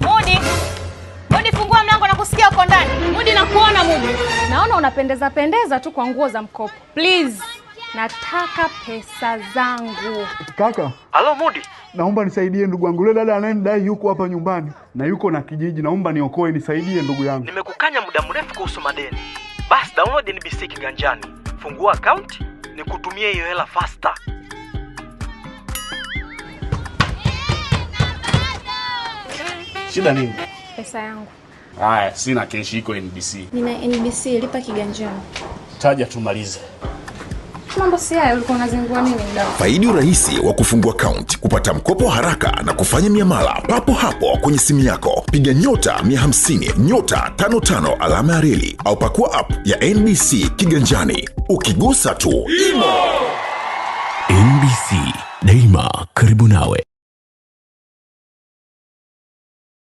Mudi, Mudi, fungua mlango na kusikia uko ndani. Mudi, nakuona Mudi. Naona unapendeza pendeza tu kwa nguo za mkopo. Please, nataka pesa zangu. Kaka. Halo Mudi. Naomba nisaidie ndugu yangu. Yule dada anayenidai yuko hapa nyumbani na yuko na kijiji. Naomba niokoe, nisaidie ndugu yangu. Nimekukanya muda mrefu kuhusu madeni. Basi download NBC kiganjani. Fungua account, nikutumie hiyo hela faster. Shida nini? Pesa yangu. Haya, sina keshi iko NBC. Nina NBC lipa kiganjani. Taja tumalize. Mambo si haya, unazingua nini mdau? Faidi urahisi wa kufungua account, kupata mkopo haraka na kufanya miamala papo hapo kwenye simu yako. Piga nyota 150 nyota 55 alama ya reli au pakua app ya NBC kiganjani, ukigusa tu Imo. NBC daima karibu nawe.